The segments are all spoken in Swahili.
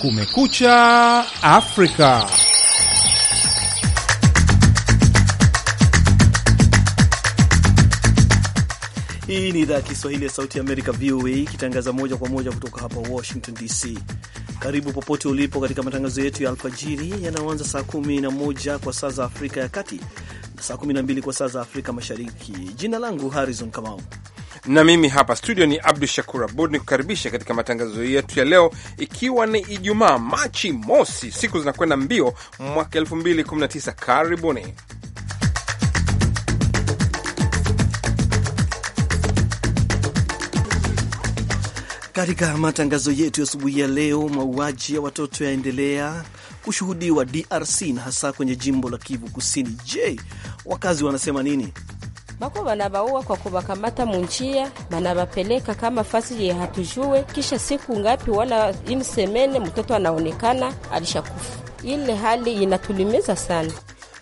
Kumekucha Afrika. Hii ni idhaa ya Kiswahili ya Sauti ya Amerika, VOA, ikitangaza moja kwa moja kutoka hapa Washington DC. Karibu popote ulipo katika matangazo yetu ya alfajiri yanayoanza saa 11 kwa saa za Afrika ya Kati na saa 12 kwa saa za Afrika Mashariki. Jina langu Harrison Kamau na mimi hapa studio ni Abdu Shakur Abud ni kukaribisha katika matangazo yetu ya leo, ikiwa ni Ijumaa Machi mosi. Siku zinakwenda mbio mwaka 2019. Karibuni. Katika matangazo yetu ya asubuhi ya leo, mauaji ya watoto yaendelea kushuhudiwa DRC na hasa kwenye jimbo la Kivu Kusini. Je, wakazi wanasema nini? bako banabaua kwa kubakamata munjia, banabapeleka kama fasi ye hatujue, kisha siku ngapi wala imsemene mtoto anaonekana alishakufa. Ile hali inatulimiza sana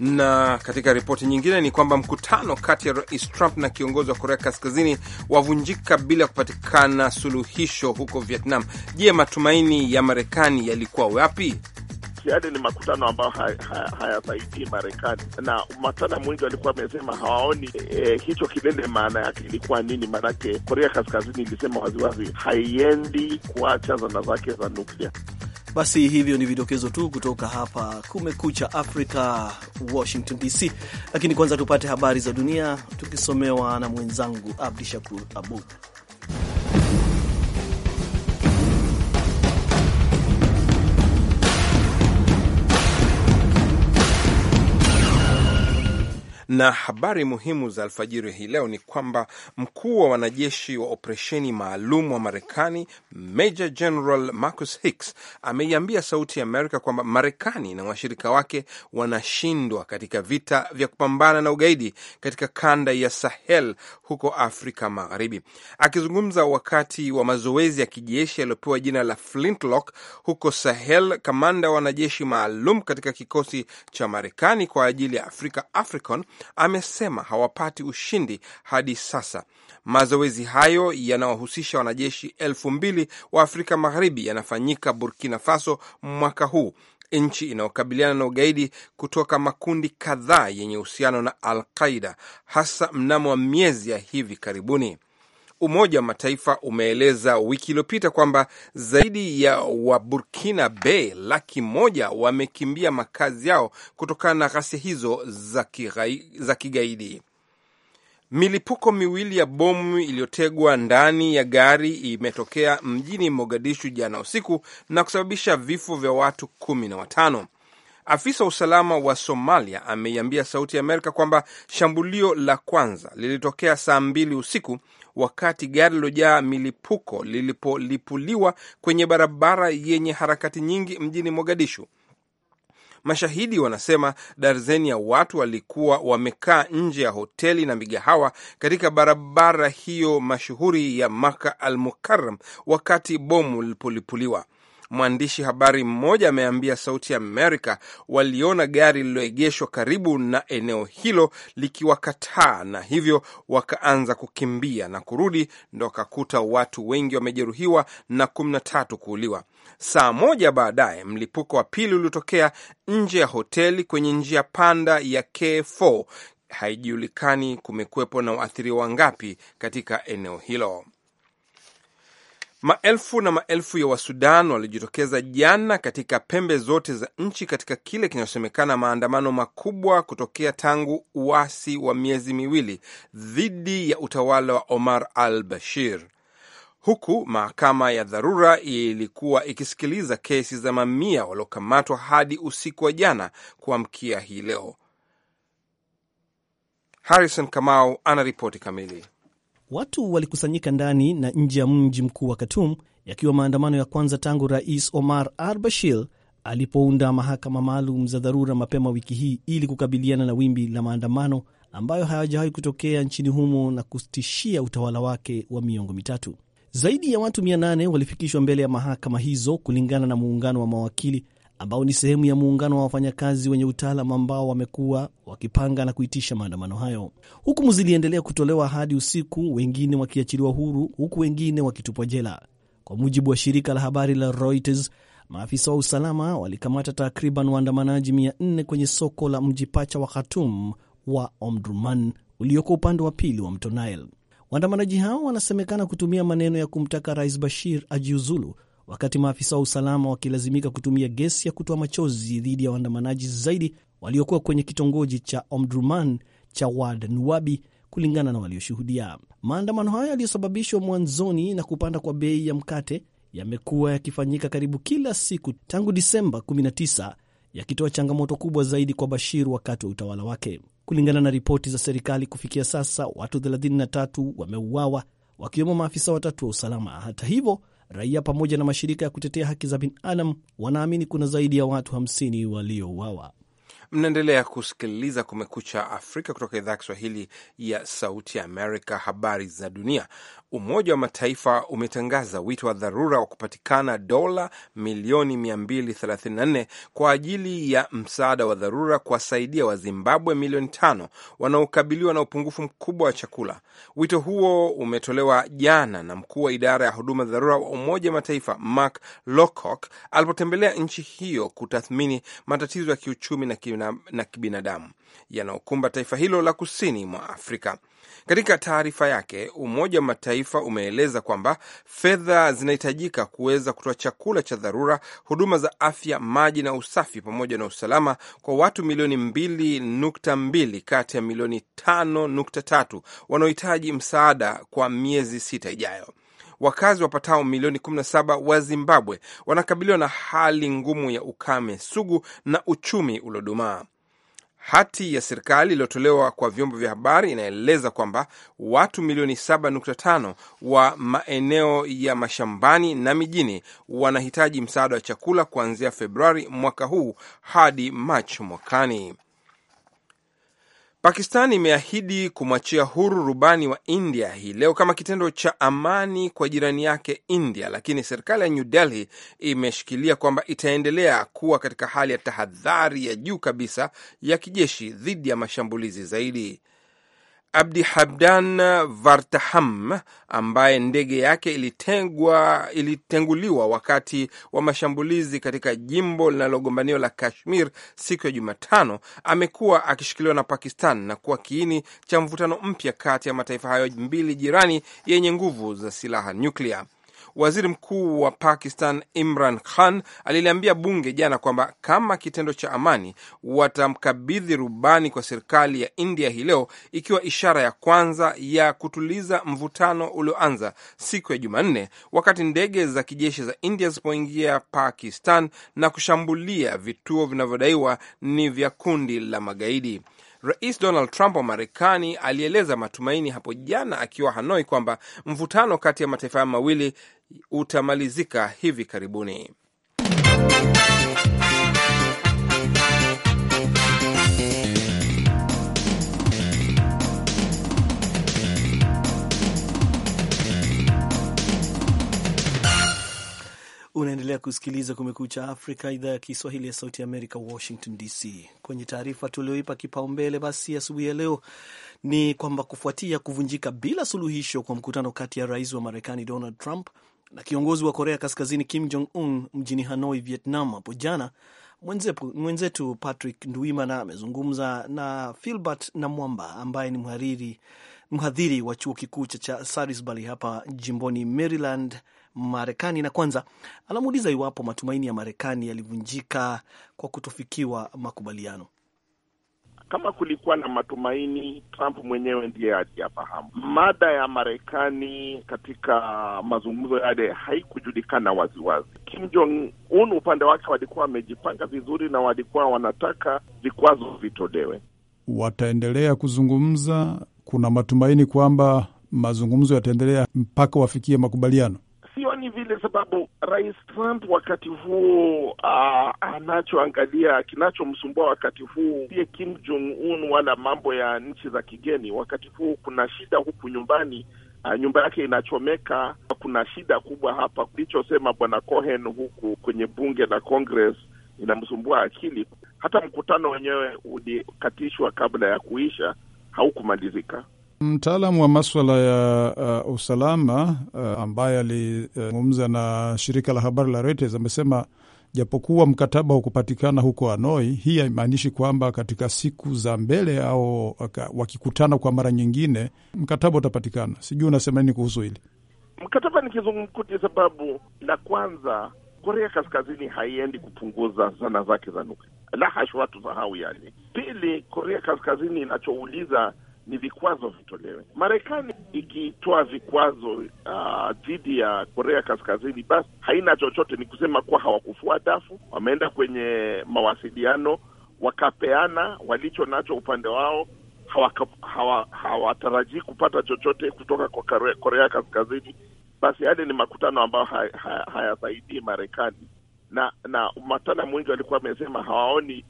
na katika ripoti nyingine ni kwamba mkutano kati ya rais Trump na kiongozi wa Korea Kaskazini wavunjika bila kupatikana suluhisho huko Vietnam. Je, matumaini ya Marekani yalikuwa wapi? yale yaani, yaani ni makutano ambayo hayasaidii haya Marekani, na mataalamu wengi walikuwa wamesema hawaoni e, hicho kilele maana yake ilikuwa nini. Maanake Korea Kaskazini ilisema waziwazi haiendi kuacha zana zake za nuklia. Basi hivyo ni vidokezo tu kutoka hapa Kumekucha Afrika, Washington DC. Lakini kwanza tupate habari za dunia tukisomewa na mwenzangu Abdi Shakur Abud. Na habari muhimu za alfajiri hii leo ni kwamba mkuu wa wanajeshi wa operesheni maalum wa Marekani Major General Marcus Hicks ameiambia Sauti ya Amerika kwamba Marekani na washirika wake wanashindwa katika vita vya kupambana na ugaidi katika kanda ya Sahel huko Afrika Magharibi. Akizungumza wakati wa mazoezi ya kijeshi yaliyopewa jina la Flintlock huko Sahel, kamanda wa wanajeshi maalum katika kikosi cha Marekani kwa ajili ya Afrika AFRICOM amesema hawapati ushindi hadi sasa. Mazoezi hayo yanawahusisha wanajeshi elfu mbili wa Afrika Magharibi yanafanyika Burkina Faso mwaka huu, nchi inayokabiliana na ugaidi kutoka makundi kadhaa yenye uhusiano na Al Qaida, hasa mnamo wa miezi ya hivi karibuni. Umoja wa Mataifa umeeleza wiki iliyopita kwamba zaidi ya Waburkina Be laki moja wamekimbia makazi yao kutokana na ghasia hizo za kigaidi. Milipuko miwili ya bomu iliyotegwa ndani ya gari imetokea mjini Mogadishu jana usiku na kusababisha vifo vya watu kumi na watano. Afisa wa usalama wa Somalia ameiambia Sauti ya Amerika kwamba shambulio la kwanza lilitokea saa mbili usiku wakati gari lilojaa milipuko lilipolipuliwa kwenye barabara yenye harakati nyingi mjini Mogadishu. Mashahidi wanasema darzeni ya watu walikuwa wamekaa nje ya hoteli na migahawa katika barabara hiyo mashuhuri ya Maka al Mukaram wakati bomu lilipolipuliwa. Mwandishi habari mmoja ameambia Sauti ya Amerika waliona gari lililoegeshwa karibu na eneo hilo likiwakataa, na hivyo wakaanza kukimbia na kurudi, ndo wakakuta watu wengi wamejeruhiwa na kumi na tatu kuuliwa. Saa moja baadaye mlipuko wa pili uliotokea nje ya hoteli kwenye njia panda ya K4. Haijulikani kumekuwepo na waathiriwa wangapi katika eneo hilo. Maelfu na maelfu ya Wasudan walijitokeza jana katika pembe zote za nchi katika kile kinachosemekana maandamano makubwa kutokea tangu uasi wa miezi miwili dhidi ya utawala wa Omar al Bashir, huku mahakama ya dharura ilikuwa ikisikiliza kesi za mamia waliokamatwa hadi usiku wa jana kuamkia hii leo. Harrison Kamau ana ripoti kamili. Watu walikusanyika ndani na nje ya mji mkuu wa Khartoum, yakiwa maandamano ya kwanza tangu Rais Omar al-Bashir alipounda mahakama maalum za dharura mapema wiki hii ili kukabiliana na wimbi la maandamano ambayo hayajawahi kutokea nchini humo na kutishia utawala wake wa miongo mitatu. Zaidi ya watu 800 walifikishwa mbele ya mahakama hizo kulingana na muungano wa mawakili ambao ni sehemu ya muungano wa wafanyakazi wenye utaalam ambao wamekuwa wakipanga na kuitisha maandamano hayo. Hukumu ziliendelea kutolewa hadi usiku, wengine wakiachiliwa huru, huku wengine wakitupwa jela. Kwa mujibu wa shirika la habari la Reuters, maafisa wa usalama walikamata takriban waandamanaji 400 kwenye soko la mji pacha wa Khartoum wa Omdurman ulioko upande wa pili wa mto Nile. Waandamanaji hao wanasemekana kutumia maneno ya kumtaka Rais Bashir ajiuzulu wakati maafisa wa usalama wakilazimika kutumia gesi ya kutoa machozi dhidi ya waandamanaji zaidi waliokuwa kwenye kitongoji cha Omdurman cha Wad Nuwabi, kulingana na walioshuhudia. Maandamano hayo yaliyosababishwa mwanzoni na kupanda kwa bei ya mkate yamekuwa yakifanyika karibu kila siku tangu Disemba 19 yakitoa changamoto kubwa zaidi kwa Bashir wakati wa utawala wake. Kulingana na ripoti za serikali, kufikia sasa watu 33 wameuawa wakiwemo maafisa watatu wa usalama. Hata hivyo, Raia pamoja na mashirika ya kutetea haki za binadamu wanaamini kuna zaidi ya watu 50 waliouawa. Mnaendelea kusikiliza Kumekucha Afrika kutoka idhaa ya Kiswahili ya Sauti ya Amerika. Habari za dunia. Umoja wa Mataifa umetangaza wito wa dharura wa kupatikana dola milioni 234 kwa ajili ya msaada wa dharura kuwasaidia Wazimbabwe milioni tano wanaokabiliwa na upungufu mkubwa wa chakula. Wito huo umetolewa jana na mkuu wa idara ya huduma dharura wa Umoja wa Mataifa Mark Lowcock alipotembelea nchi hiyo kutathmini matatizo ya kiuchumi na kibinadamu yanayokumba taifa hilo la kusini mwa Afrika. Katika taarifa yake, Umoja wa Mataifa umeeleza kwamba fedha zinahitajika kuweza kutoa chakula cha dharura, huduma za afya, maji na usafi, pamoja na usalama kwa watu milioni 2.2 kati ya milioni 5.3 wanaohitaji msaada kwa miezi sita ijayo. Wakazi wapatao milioni 17 wa Zimbabwe wanakabiliwa na hali ngumu ya ukame sugu na uchumi uliodumaa. Hati ya serikali iliyotolewa kwa vyombo vya habari inaeleza kwamba watu milioni 7.5 wa maeneo ya mashambani na mijini wanahitaji msaada wa chakula kuanzia Februari mwaka huu hadi Machi mwakani. Pakistan imeahidi kumwachia huru rubani wa India hii leo kama kitendo cha amani kwa jirani yake India, lakini serikali ya New Delhi imeshikilia kwamba itaendelea kuwa katika hali ya tahadhari ya juu kabisa ya kijeshi dhidi ya mashambulizi zaidi. Abdi Habdan Vartaham ambaye ndege yake ilitengwa, ilitenguliwa wakati wa mashambulizi katika jimbo linalogombaniwa la Kashmir siku ya Jumatano, amekuwa akishikiliwa na Pakistan na kuwa kiini cha mvutano mpya kati ya mataifa hayo mbili jirani yenye nguvu za silaha nyuklia. Waziri mkuu wa Pakistan Imran Khan aliliambia bunge jana kwamba kama kitendo cha amani, watamkabidhi rubani kwa serikali ya India hii leo, ikiwa ishara ya kwanza ya kutuliza mvutano ulioanza siku ya Jumanne wakati ndege za kijeshi za India zilipoingia Pakistan na kushambulia vituo vinavyodaiwa ni vya kundi la magaidi. Rais Donald Trump wa Marekani alieleza matumaini hapo jana akiwa Hanoi kwamba mvutano kati ya mataifa hayo mawili utamalizika hivi karibuni. Unaendelea kusikiliza Kumekucha Afrika, idhaa ya Kiswahili ya Sauti ya Amerika, Washington DC. Kwenye taarifa tulioipa kipaumbele basi asubuhi ya, ya leo ni kwamba kufuatia kuvunjika bila suluhisho kwa mkutano kati ya rais wa Marekani Donald Trump na kiongozi wa Korea Kaskazini Kim Jong Un mjini Hanoi, Vietnam hapo jana. Mwenzetu Patrick Nduimana amezungumza na Filbert na Mwamba ambaye ni mhariri, mhadhiri wa chuo kikuu cha Salisbury hapa jimboni Maryland, Marekani, na kwanza anamuuliza iwapo matumaini ya Marekani yalivunjika kwa kutofikiwa makubaliano. Kama kulikuwa na matumaini, Trump mwenyewe ndiye aliyafahamu. Mada ya Marekani katika mazungumzo yale haikujulikana waziwazi. Kim Jong Un upande wake walikuwa wamejipanga vizuri na walikuwa wanataka vikwazo vitolewe. Wataendelea kuzungumza. Kuna matumaini kwamba mazungumzo yataendelea mpaka wafikie makubaliano. Sioni vile sababu Rais Trump wakati huu uh, ah, anachoangalia kinachomsumbua wakati huu pia Kim Jong Un wala mambo ya nchi za kigeni. Wakati huu kuna shida huku nyumbani. Uh, nyumba yake inachomeka. Kuna shida kubwa hapa, kulichosema bwana Cohen huku kwenye bunge la Congress inamsumbua akili. Hata mkutano wenyewe ulikatishwa kabla ya kuisha, haukumalizika. Mtaalamu wa maswala ya uh, usalama uh, ambaye alizungumza uh, na shirika la habari la Reuters amesema japokuwa mkataba kupatikana huko Hanoi, hii haimaanishi kwamba katika siku za mbele au wakikutana kwa mara nyingine mkataba utapatikana. Sijui unasema nini kuhusu hili mkataba? Ni kizungumkuti, sababu la kwanza Korea Kaskazini haiendi kupunguza zana zake za nuklia, la hasha, watu sahau yani. Pili, Korea Kaskazini inachouliza ni vikwazo vitolewe. Marekani ikitoa vikwazo ah, dhidi uh, ya Korea Kaskazini, basi haina chochote, ni kusema kuwa hawakufua dafu, wameenda kwenye mawasiliano wakapeana walicho nacho upande wao. Hawatarajii hawa, hawa kupata chochote kutoka kwa Korea, Korea Kaskazini. Basi yale ni makutano ambayo hayasaidii haya Marekani na na matana mwingi walikuwa wamesema hawaoni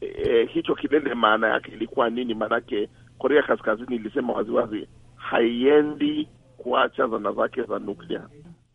e, e, hicho kilele maana yake ilikuwa nini? Maanake Korea Kaskazini ilisema waziwazi haiendi kuacha zana zake za nuklia.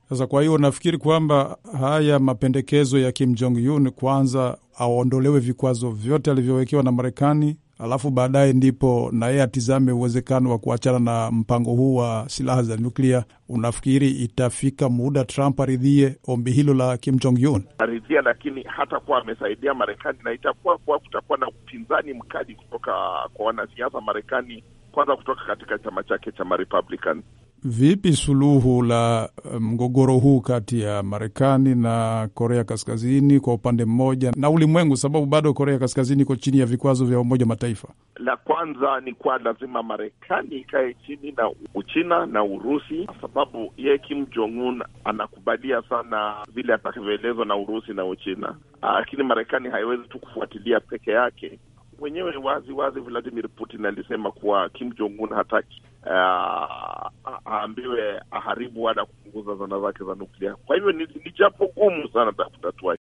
Sasa kwa hiyo nafikiri kwamba haya mapendekezo ya Kim Jong Un, kwanza aondolewe vikwazo vyote alivyowekewa na Marekani, alafu baadaye ndipo na yeye atizame uwezekano wa kuachana na mpango huu wa silaha za nuklia. Unafikiri itafika muda Trump aridhie ombi hilo la Kim Jong Un? Aridhia, lakini hatakuwa amesaidia Marekani na itakuwa kuwa kutakuwa na upinzani mkali kutoka kwa wanasiasa Marekani, kwanza kutoka katika chama chake cha Marepublican. Vipi suluhu la eh, mgogoro huu kati ya Marekani na Korea Kaskazini kwa upande mmoja na ulimwengu, sababu bado Korea Kaskazini iko chini ya vikwazo vya Umoja Mataifa? La kwanza ni kuwa lazima Marekani ikae chini na Uchina na Urusi, kwa sababu yeye Kim Jong Un anakubalia sana vile atakavyoelezwa na Urusi na Uchina, ah, lakini Marekani haiwezi tu kufuatilia peke yake mwenyewe wazi wazi Vladimir Putin alisema kuwa Kim Jong Un hataki ah, ah, aambiwe aharibu wala kupunguza zana zake za nuklia. Kwa hivyo ni, ni jambo gumu sana la kutatua.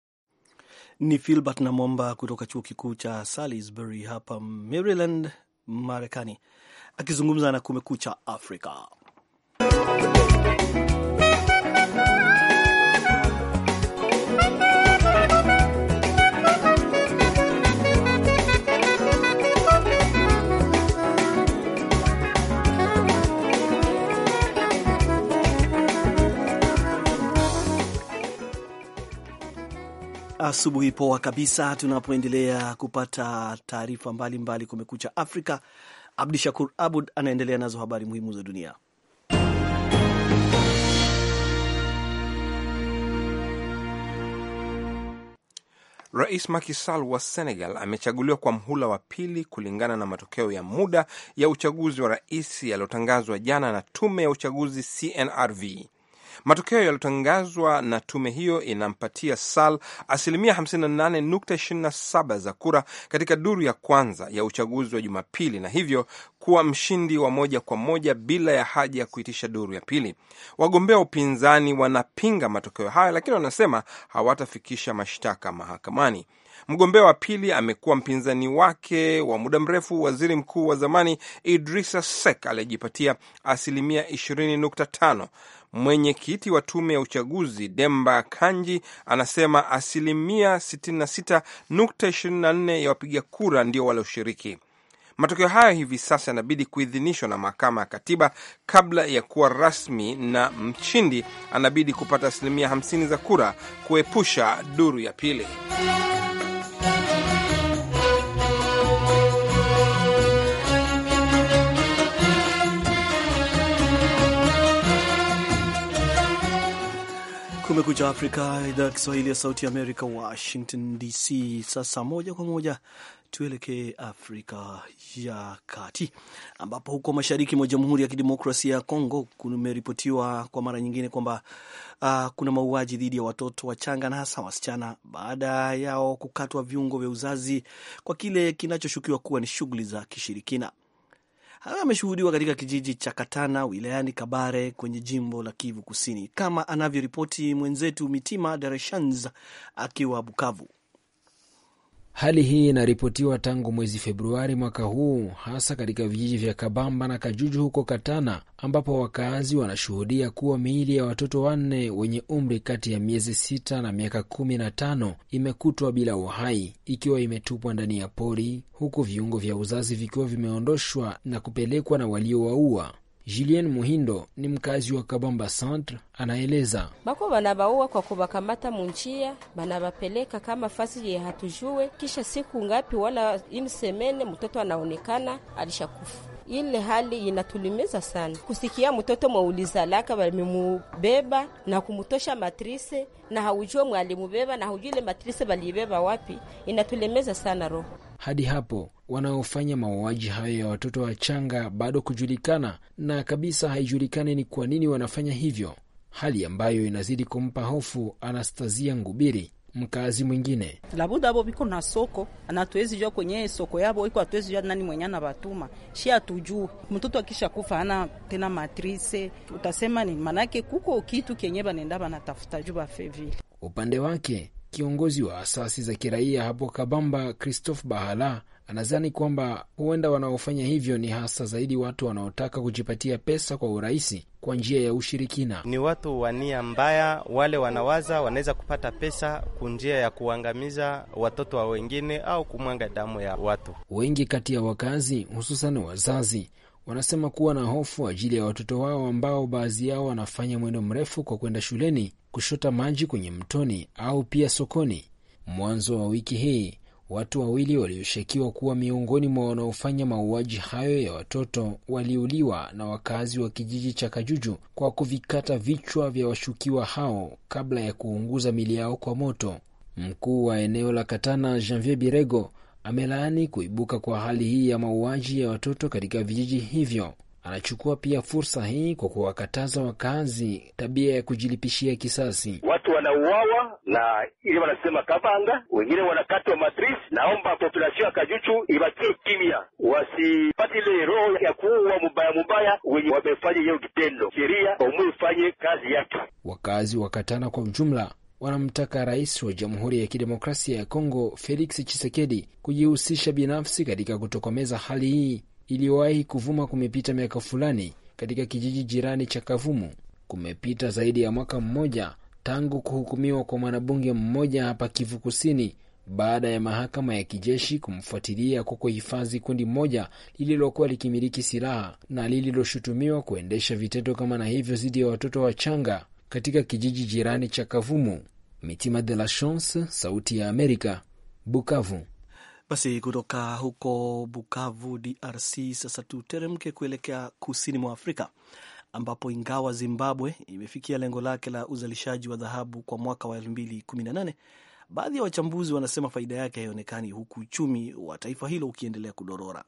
Ni Filbert Namwamba kutoka chuo kikuu cha Salisbury hapa Maryland, Marekani, akizungumza na Kumekucha Afrika. Asubuhi poa kabisa, tunapoendelea kupata taarifa mbalimbali kumekucha Afrika. Abdi Shakur Abud anaendelea nazo habari muhimu za dunia. Rais Macky Sall wa Senegal amechaguliwa kwa mhula wa pili kulingana na matokeo ya muda ya uchaguzi wa rais yaliyotangazwa jana na tume ya uchaguzi CNRV. Matokeo yaliyotangazwa na tume hiyo inampatia sal asilimia 58.27 za kura katika duru ya kwanza ya uchaguzi wa Jumapili na hivyo kuwa mshindi wa moja kwa moja bila ya haja ya kuitisha duru ya pili. Wagombea wa upinzani wanapinga matokeo hayo, lakini wanasema hawatafikisha mashtaka mahakamani. Mgombea wa pili amekuwa mpinzani wake wa muda mrefu, waziri mkuu wa zamani Idrisa Sek aliyejipatia asilimia 20.5. Mwenyekiti wa tume ya uchaguzi Demba Kanji anasema asilimia 66.24 ya wapiga kura ndio walioshiriki. Matokeo hayo hivi sasa yanabidi kuidhinishwa na mahakama ya katiba kabla ya kuwa rasmi, na mshindi anabidi kupata asilimia 50 za kura kuepusha duru ya pili. Kumekucha Afrika, idhaa ya Kiswahili ya Sauti Amerika, Washington DC. Sasa moja kwa moja tuelekee Afrika ya Kati, ambapo huko mashariki mwa Jamhuri ya Kidemokrasia ya Kongo kumeripotiwa kwa mara nyingine kwamba uh, kuna mauaji dhidi ya watoto wachanga na hasa wasichana baada yao kukatwa viungo vya uzazi kwa kile kinachoshukiwa kuwa ni shughuli za kishirikina haya ameshuhudiwa katika kijiji cha Katana wilayani Kabare kwenye jimbo la Kivu Kusini, kama anavyoripoti mwenzetu Mitima Dereshans akiwa Bukavu. Hali hii inaripotiwa tangu mwezi Februari mwaka huu, hasa katika vijiji vya Kabamba na Kajuju huko Katana, ambapo wakaazi wanashuhudia kuwa miili ya watoto wanne wenye umri kati ya miezi sita na miaka kumi na tano imekutwa bila uhai ikiwa imetupwa ndani ya pori, huku viungo vya uzazi vikiwa vimeondoshwa na kupelekwa na waliowaua. Julien Muhindo ni mkazi wa Kabamba Centre, anaeleza bako banabaua kwa kuvakamata munjia banabapeleka kama fasi ye hatujue, kisha siku ngapi wala imsemene mtoto anaonekana alishakufa. Ile hali inatulimiza sana kusikia mtoto mwauliza laka walimubeba na kumutosha matrise na haujua mwalimubeba na haujuile ile matrise balibeba wapi, inatulemeza sana roho. Hadi hapo wanaofanya mauaji hayo ya watoto wachanga bado kujulikana, na kabisa haijulikani ni kwa nini wanafanya hivyo, hali ambayo inazidi kumpa hofu Anastazia Ngubiri, mkazi mwingine. Labuda abo viko na soko anatuwezi jua kwenye soko yabo iko atuwezi jua nani mwenye anavatuma shi atujuu. Mtoto akisha kufa ana tena matrise, utasema ni manake kuko kitu kenye banenda banatafuta juu vafevile. Upande wake kiongozi wa asasi za kiraia hapo Kabamba, Christophe Bahala anadhani kwamba huenda wanaofanya hivyo ni hasa zaidi watu wanaotaka kujipatia pesa kwa urahisi kwa njia ya ushirikina. Ni watu wa nia mbaya, wale wanawaza wanaweza kupata pesa kwa njia ya kuangamiza watoto wa wengine au kumwanga damu ya watu. Wengi kati ya wakazi, hususan wazazi, wanasema kuwa na hofu ajili ya watoto wao ambao baadhi yao wanafanya mwendo mrefu kwa kwenda shuleni, kushota maji kwenye mtoni au pia sokoni. Mwanzo wa wiki hii Watu wawili walioshukiwa kuwa miongoni mwa wanaofanya mauaji hayo ya watoto waliuliwa na wakazi wa kijiji cha Kajuju kwa kuvikata vichwa vya washukiwa hao kabla ya kuunguza mili yao kwa moto. Mkuu wa eneo la Katana Janvier Birego amelaani kuibuka kwa hali hii ya mauaji ya watoto katika vijiji hivyo anachukua pia fursa hii kwa kuwakataza wakazi tabia ya kujilipishia kisasi. Watu wanauawa na ile wanasema kabanga, wengine wanakatwa matris. Naomba populasio ya Kajuchu ibakie kimya, wasipati ile roho ya kuua mubaya mubaya wenye wamefanya hiyo kitendo. Sheria aumwe ifanye kazi yake. Wakazi wa katana kwa ujumla wanamtaka rais wa Jamhuri ya Kidemokrasia ya Kongo Felix Tshisekedi kujihusisha binafsi katika kutokomeza hali hii iliyowahi kuvuma kumepita miaka fulani katika kijiji jirani cha Kavumu. Kumepita zaidi ya mwaka mmoja tangu kuhukumiwa kwa mwanabunge mmoja hapa Kivu Kusini baada ya mahakama ya kijeshi kumfuatilia kwa kuhifadhi kundi moja lililokuwa likimiliki silaha na lililoshutumiwa kuendesha vitendo kama na hivyo dhidi ya watoto wachanga katika kijiji jirani cha Kavumu. Mitima de la Chance, Sauti ya Amerika, Bukavu. Basi kutoka huko Bukavu, DRC, sasa tuteremke kuelekea kusini mwa Afrika ambapo ingawa Zimbabwe imefikia lengo lake la uzalishaji wa dhahabu kwa mwaka wa 2018 baadhi ya wachambuzi wanasema faida yake haionekani, huku uchumi wa taifa hilo ukiendelea kudorora.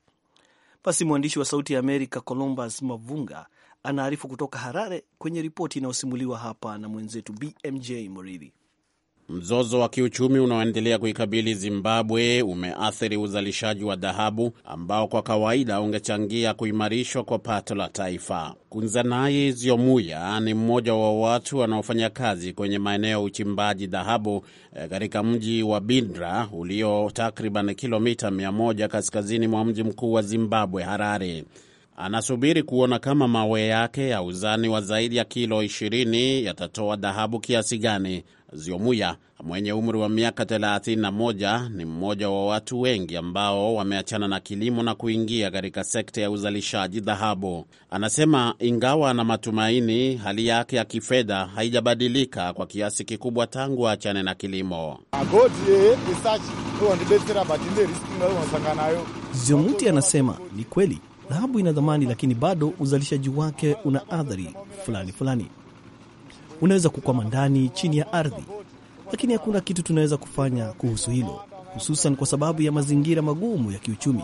Basi mwandishi wa Sauti ya Amerika Columbus Mavunga anaarifu kutoka Harare kwenye ripoti inayosimuliwa hapa na mwenzetu BMJ Muridhi. Mzozo wa kiuchumi unaoendelea kuikabili Zimbabwe umeathiri uzalishaji wa dhahabu ambao kwa kawaida ungechangia kuimarishwa kwa pato la taifa. Kunzanai Ziomuya ni mmoja wa watu wanaofanya kazi kwenye maeneo ya uchimbaji dhahabu eh, katika mji wa Bindra ulio takriban kilomita 100 kaskazini mwa mji mkuu wa Zimbabwe, Harare. Anasubiri kuona kama mawe yake ya uzani wa zaidi ya kilo 20 yatatoa dhahabu kiasi gani. Ziomuya mwenye umri wa miaka 31 ni mmoja wa watu wengi ambao wameachana na kilimo na kuingia katika sekta ya uzalishaji dhahabu. Anasema ingawa ana matumaini, hali yake ya kifedha haijabadilika kwa kiasi kikubwa tangu aachane na kilimo. Ziomuti anasema ni kweli Dhahabu ina dhamani, lakini bado uzalishaji wake una athari fulani fulani. Unaweza kukwama ndani, chini ya ardhi, lakini hakuna kitu tunaweza kufanya kuhusu hilo, hususan kwa sababu ya mazingira magumu ya kiuchumi.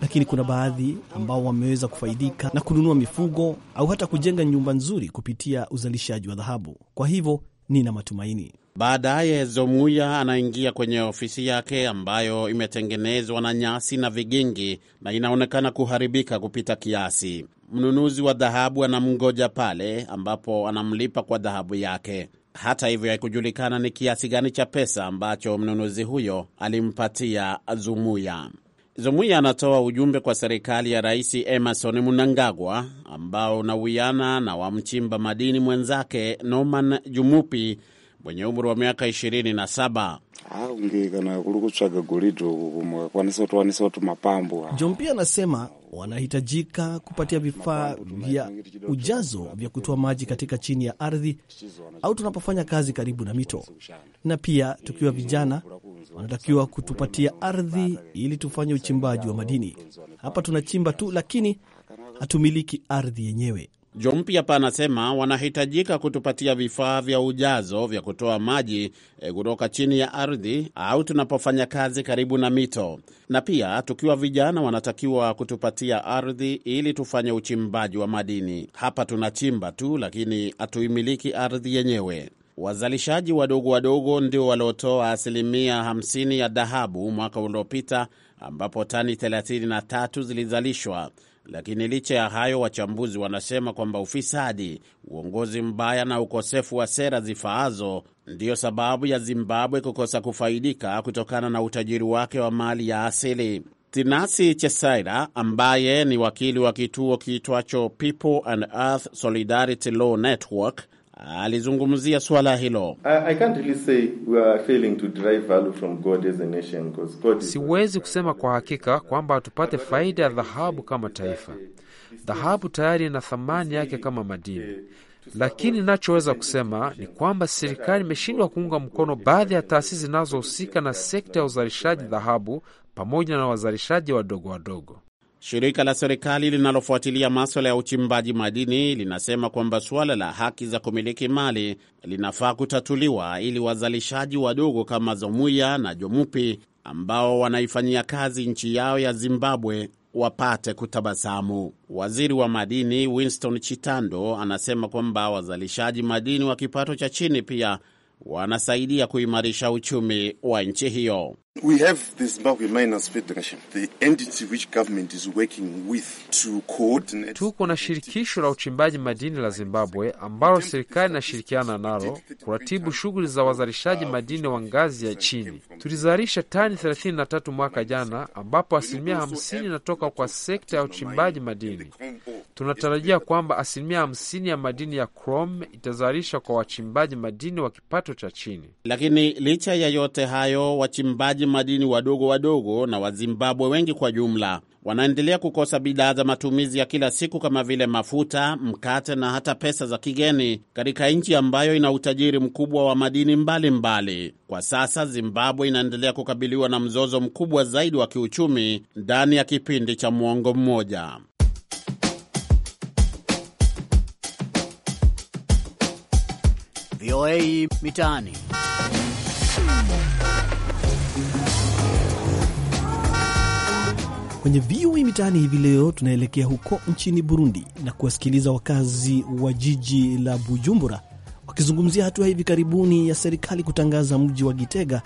Lakini kuna baadhi ambao wameweza kufaidika na kununua mifugo au hata kujenga nyumba nzuri kupitia uzalishaji wa dhahabu. Kwa hivyo nina matumaini. Baadaye Zomuya anaingia kwenye ofisi yake ambayo imetengenezwa na nyasi na vigingi na inaonekana kuharibika kupita kiasi. Mnunuzi wa dhahabu anamngoja pale ambapo anamlipa kwa dhahabu yake. Hata hivyo, haikujulikana ni kiasi gani cha pesa ambacho mnunuzi huyo alimpatia Zumuya. Zumuya anatoa ujumbe kwa serikali ya Rais Emerson Mnangagwa ambao unawiana na wamchimba madini mwenzake Norman Jumupi mwenye umri wa miaka ishirini na saba ah, ungikana kulikutsvaga mapambo anasema wanahitajika kupatia vifaa vya ujazo vya kutoa maji katika chini ya ardhi au tunapofanya kazi karibu na mito, na pia tukiwa vijana wanatakiwa kutupatia ardhi ili tufanye uchimbaji wa madini. Hapa tunachimba tu, lakini hatumiliki ardhi yenyewe. Jompy pa anasema wanahitajika kutupatia vifaa vya ujazo vya kutoa maji eh, kutoka chini ya ardhi au tunapofanya kazi karibu na mito, na pia tukiwa vijana wanatakiwa kutupatia ardhi ili tufanye uchimbaji wa madini. Hapa tunachimba tu, lakini hatuimiliki ardhi yenyewe. Wazalishaji wadogo wadogo ndio waliotoa asilimia 50 ya dhahabu mwaka uliopita, ambapo tani 33 zilizalishwa lakini licha ya hayo, wachambuzi wanasema kwamba ufisadi, uongozi mbaya na ukosefu wa sera zifaazo ndiyo sababu ya Zimbabwe kukosa kufaidika kutokana na utajiri wake wa mali ya asili. Tinasi Chesaira ambaye ni wakili wa kituo kiitwacho People and Earth Solidarity Law Network alizungumzia suala hilo. Siwezi kusema kwa hakika kwamba tupate faida ya dhahabu kama taifa. Dhahabu tayari ina thamani yake kama madini, lakini inachoweza kusema ni kwamba serikali imeshindwa kuunga mkono baadhi ya taasisi zinazohusika na sekta ya uzalishaji dhahabu pamoja na wazalishaji wadogo wadogo. Shirika la serikali linalofuatilia maswala ya uchimbaji madini linasema kwamba suala la haki za kumiliki mali linafaa kutatuliwa ili wazalishaji wadogo kama Zomuya na Jomupi ambao wanaifanyia kazi nchi yao ya Zimbabwe wapate kutabasamu. Waziri wa madini Winston Chitando anasema kwamba wazalishaji madini wa kipato cha chini pia wanasaidia kuimarisha uchumi wa nchi hiyo. We have the Zimbabwe Miners Federation, the entity which government is working with to coordinate. Tuko na shirikisho la uchimbaji madini la Zimbabwe ambalo serikali inashirikiana nalo kuratibu shughuli za wazalishaji madini wa ngazi ya chini. Tulizalisha tani 33 mwaka jana, ambapo asilimia 50 inatoka kwa sekta ya uchimbaji madini. Tunatarajia kwamba asilimia 50 ya madini ya chrome itazalisha kwa wachimbaji madini wa kipato cha chini. Lakini licha ya yote hayo, wachimbaji wachimbaji madini wadogo wadogo na Wazimbabwe wengi kwa jumla wanaendelea kukosa bidhaa za matumizi ya kila siku kama vile mafuta, mkate na hata pesa za kigeni katika nchi ambayo ina utajiri mkubwa wa madini mbalimbali mbali. Kwa sasa Zimbabwe inaendelea kukabiliwa na mzozo mkubwa zaidi wa kiuchumi ndani ya kipindi cha mwongo mmoja. VOA Mitaani. Kwenye VOA Mitaani hivi leo tunaelekea huko nchini Burundi na kuwasikiliza wakazi wa jiji la Bujumbura wakizungumzia hatua hivi karibuni ya serikali kutangaza mji wa Gitega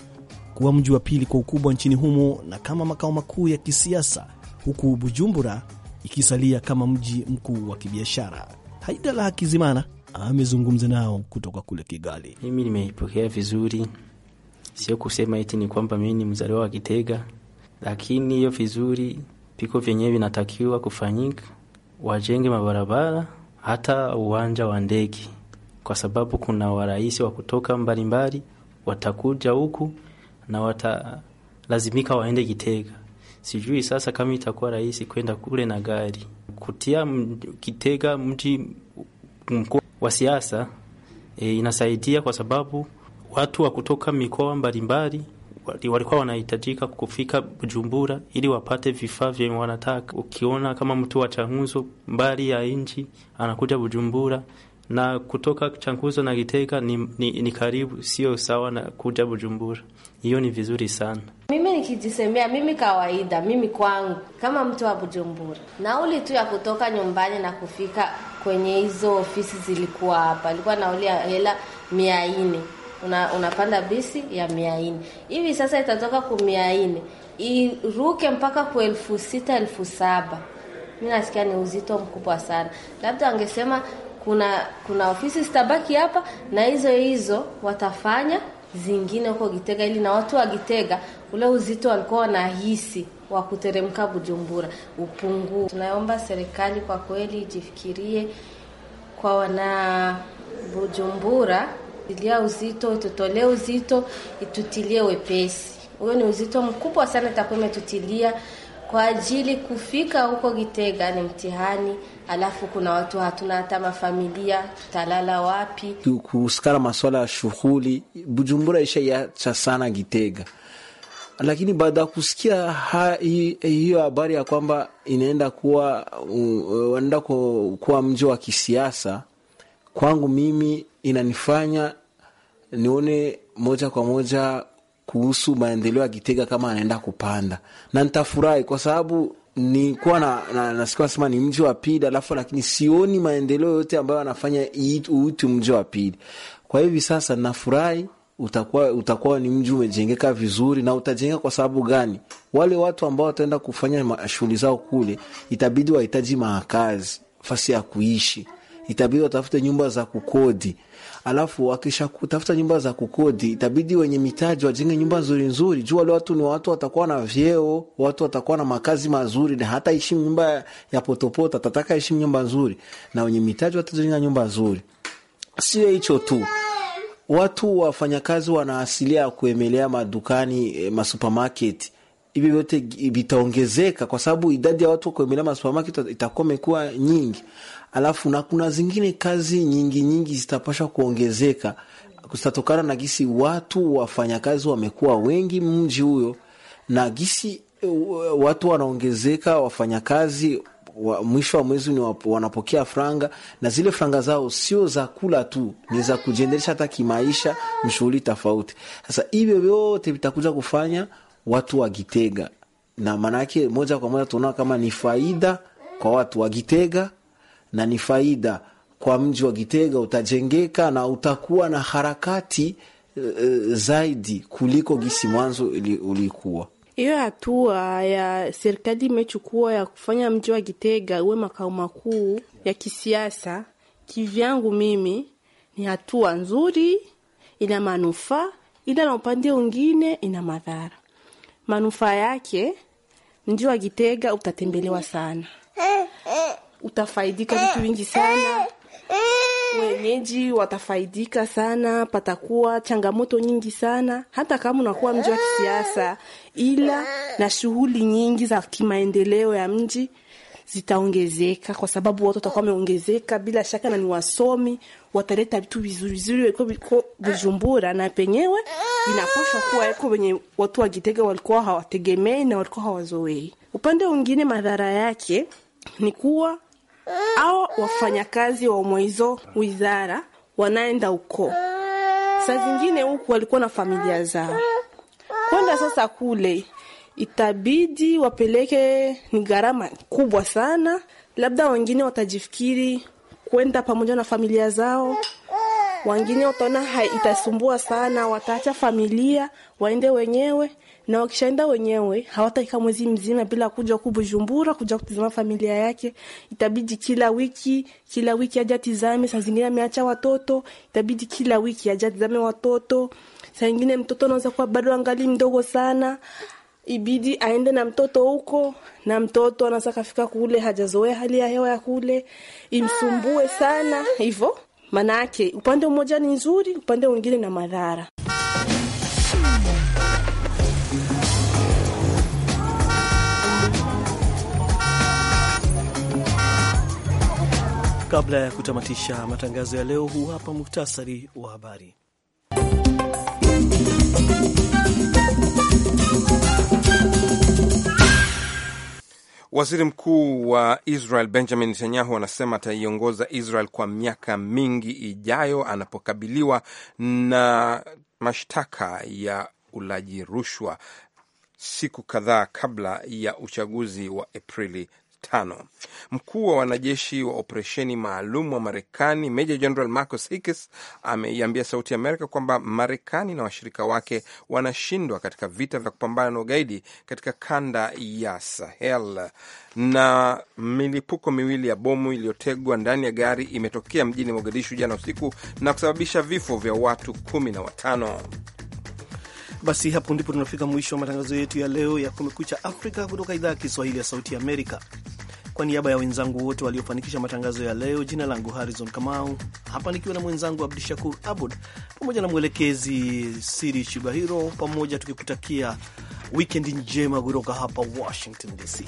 kuwa mji wa pili kwa ukubwa nchini humo na kama makao makuu ya kisiasa, huku Bujumbura ikisalia kama mji mkuu wa kibiashara. Haidala Hakizimana amezungumza nao kutoka kule Kigali. Mimi nimeipokea vizuri, sio kusema eti ni kwamba mimi ni mzaliwa wa Gitega lakini hiyo vizuri viko vyenyewe vinatakiwa kufanyika, wajenge mabarabara, hata uwanja wa ndege, kwa sababu kuna warais wa kutoka mbalimbali watakuja huku na watalazimika waende Kitega. Sijui sasa kama itakuwa rahisi kwenda kule na gari kutia Kitega, mji mkuu wa siasa. E, inasaidia kwa sababu watu wa kutoka mikoa mbalimbali walikuwa wanahitajika kufika Bujumbura ili wapate vifaa vyenye wanataka. Ukiona kama mtu wa Changuzo mbali ya nchi anakuja Bujumbura na kutoka Changuzo na Gitega ni, ni, ni karibu, sio sawa na kuja Bujumbura. Hiyo ni vizuri sana. Mimi nikijisemea mimi kawaida, mimi kwangu kama mtu wa Bujumbura, nauli tu ya kutoka nyumbani na kufika kwenye hizo ofisi zilikuwa hapa, ilikuwa nauli ya hela mia nne una, unapanda bisi ya mia nne hivi sasa, itatoka ku mia nne iruke mpaka ku elfu sita elfu saba Mi nasikia ni uzito mkubwa sana, labda angesema kuna kuna ofisi zitabaki hapa na hizo hizo watafanya zingine huko Gitega, ili na watu wa Gitega ule uzito walikuwa wanahisi wa kuteremka Bujumbura upunguu. Tunaomba serikali kwa kweli ijifikirie kwa wana Bujumbura tutilia uzito, itutolee uzito, itutilie wepesi. Huyo ni uzito mkubwa sana itakuwa imetutilia kwa ajili kufika huko Gitega ni mtihani. Alafu kuna watu hatuna hata mafamilia, tutalala wapi? Kusikara maswala ya shughuli, Bujumbura ishaiacha sana Gitega, lakini baada ya kusikia hiyo habari ya kwamba inaenda kuwa wanaenda kuwa mji wa kisiasa, kwangu mimi inanifanya nione moja kwa moja kuhusu maendeleo ya Gitega kama anaenda kupanda, na nitafurahi kwa sababu nikuwa na, na, na, nasikia sema ni mji wa pili alafu, lakini sioni maendeleo yote ambayo anafanya uti mji wa pili. Kwa hivi sasa nafurahi, utakuwa utakuwa ni mji umejengeka vizuri. Na utajengeka kwa sababu gani? Wale watu ambao wataenda kufanya shughuli zao kule, itabidi wahitaji makazi, fasi ya kuishi, itabidi watafute nyumba za kukodi alafu akisha kutafuta nyumba za kukodi, itabidi wenye mitaji wajenge nyumba nzuri nzuri, juu wale watu ni watu watakuwa na vyeo, watu watakuwa na makazi mazuri, na hata ishi nyumba ya potopota tataka ishi nyumba nzuri, na wenye mitaji watajenga nyumba nzuri. Sio hicho tu, watu wafanyakazi wana asilia ya kuemelea madukani, eh, masupermarket hivi vyote vitaongezeka kwa sababu idadi ya watu kuemelea masupermarket itakuwa imekuwa nyingi alafu na kuna zingine kazi nyingi nyingi zitapasha kuongezeka kutatokana na gisi watu wafanyakazi wamekuwa wengi mji huyo, na gisi eh, watu wanaongezeka wafanyakazi wa, mwisho wa mwezi ni wanapokea franga na zile franga zao sio za kula tu, ni za kujiendelesha hata kimaisha, mshughuli tofauti. Sasa hivyo vyote vitakuja kufanya watu wagitega, na maanake moja kwa moja tunaona kama ni faida kwa watu wagitega na ni faida kwa mji wa Gitega utajengeka na utakuwa na harakati e, zaidi kuliko gisi mwanzo ulikuwa. Hiyo hatua ya serikali imechukua ya kufanya mji wa Gitega uwe makao makuu ya kisiasa, kivyangu mimi ni hatua nzuri, ina manufaa, ila na upande mwingine ina madhara. Manufaa yake mji wa Gitega utatembelewa sana eh, utafaidika vitu vingi sana, wenyeji watafaidika sana, patakuwa changamoto nyingi sana, hata kama unakuwa mji wa kisiasa, ila na shughuli nyingi za kimaendeleo ya mji zitaongezeka kwa sababu watu watakuwa wameongezeka bila shaka, na ni wasomi wataleta vitu vizuri vizuri weko viko Bujumbura, na penyewe inapasha kuwa eko wenye watu wa Gitega walikuwa hawategemei na walikuwa hawazoei. Upande mwingine, madhara yake ni kuwa awa wafanyakazi wa mwehizo wizara wanaenda huko, saa zingine huku walikuwa na familia zao kwenda sasa kule itabidi wapeleke, ni gharama kubwa sana. Labda wengine watajifikiri kwenda pamoja na familia zao, wengine wataona itasumbua sana, wataacha familia waende wenyewe na wakishaenda wenyewe hawataika mwezi mzima bila kuja huku Bujumbura kuja kutizama familia yake. Itabidi kila wiki kila wiki aja tizame. saa zingine ameacha watoto, itabidi kila wiki aja tizame watoto. Saa ingine mtoto anaweza kuwa bado angali mdogo sana, ibidi aende na mtoto huko, na mtoto anaweza kafika kule hajazoea hali ya hewa ya kule, imsumbue sana hivyo. Manake upande mmoja ni nzuri, upande mwingine na madhara. Kabla ya kutamatisha matangazo ya leo, huu hapa muhtasari wa habari. Waziri mkuu wa Israel Benjamin Netanyahu anasema ataiongoza Israel kwa miaka mingi ijayo anapokabiliwa na mashtaka ya ulaji rushwa siku kadhaa kabla ya uchaguzi wa Aprili tano. Mkuu wa wanajeshi wa operesheni maalum wa Marekani Meja Jeneral Marcus Hicks, ameiambia Sauti ya Amerika kwamba Marekani na washirika wake wanashindwa katika vita vya kupambana na ugaidi katika kanda ya Sahel. Na milipuko miwili ya bomu iliyotegwa ndani ya gari imetokea mjini Mogadishu jana usiku na kusababisha vifo vya watu kumi na watano. Basi hapo ndipo tunafika mwisho wa matangazo yetu ya leo ya Kumekucha Afrika kutoka idhaa ya Kiswahili ya Sauti Amerika. Kwa niaba ya wenzangu wote waliofanikisha matangazo ya leo, jina langu Harrison Kamau, hapa nikiwa na mwenzangu Abdu Shakur Abud pamoja na mwelekezi Siri Shibahiro, pamoja tukikutakia wikendi njema kutoka hapa Washington DC.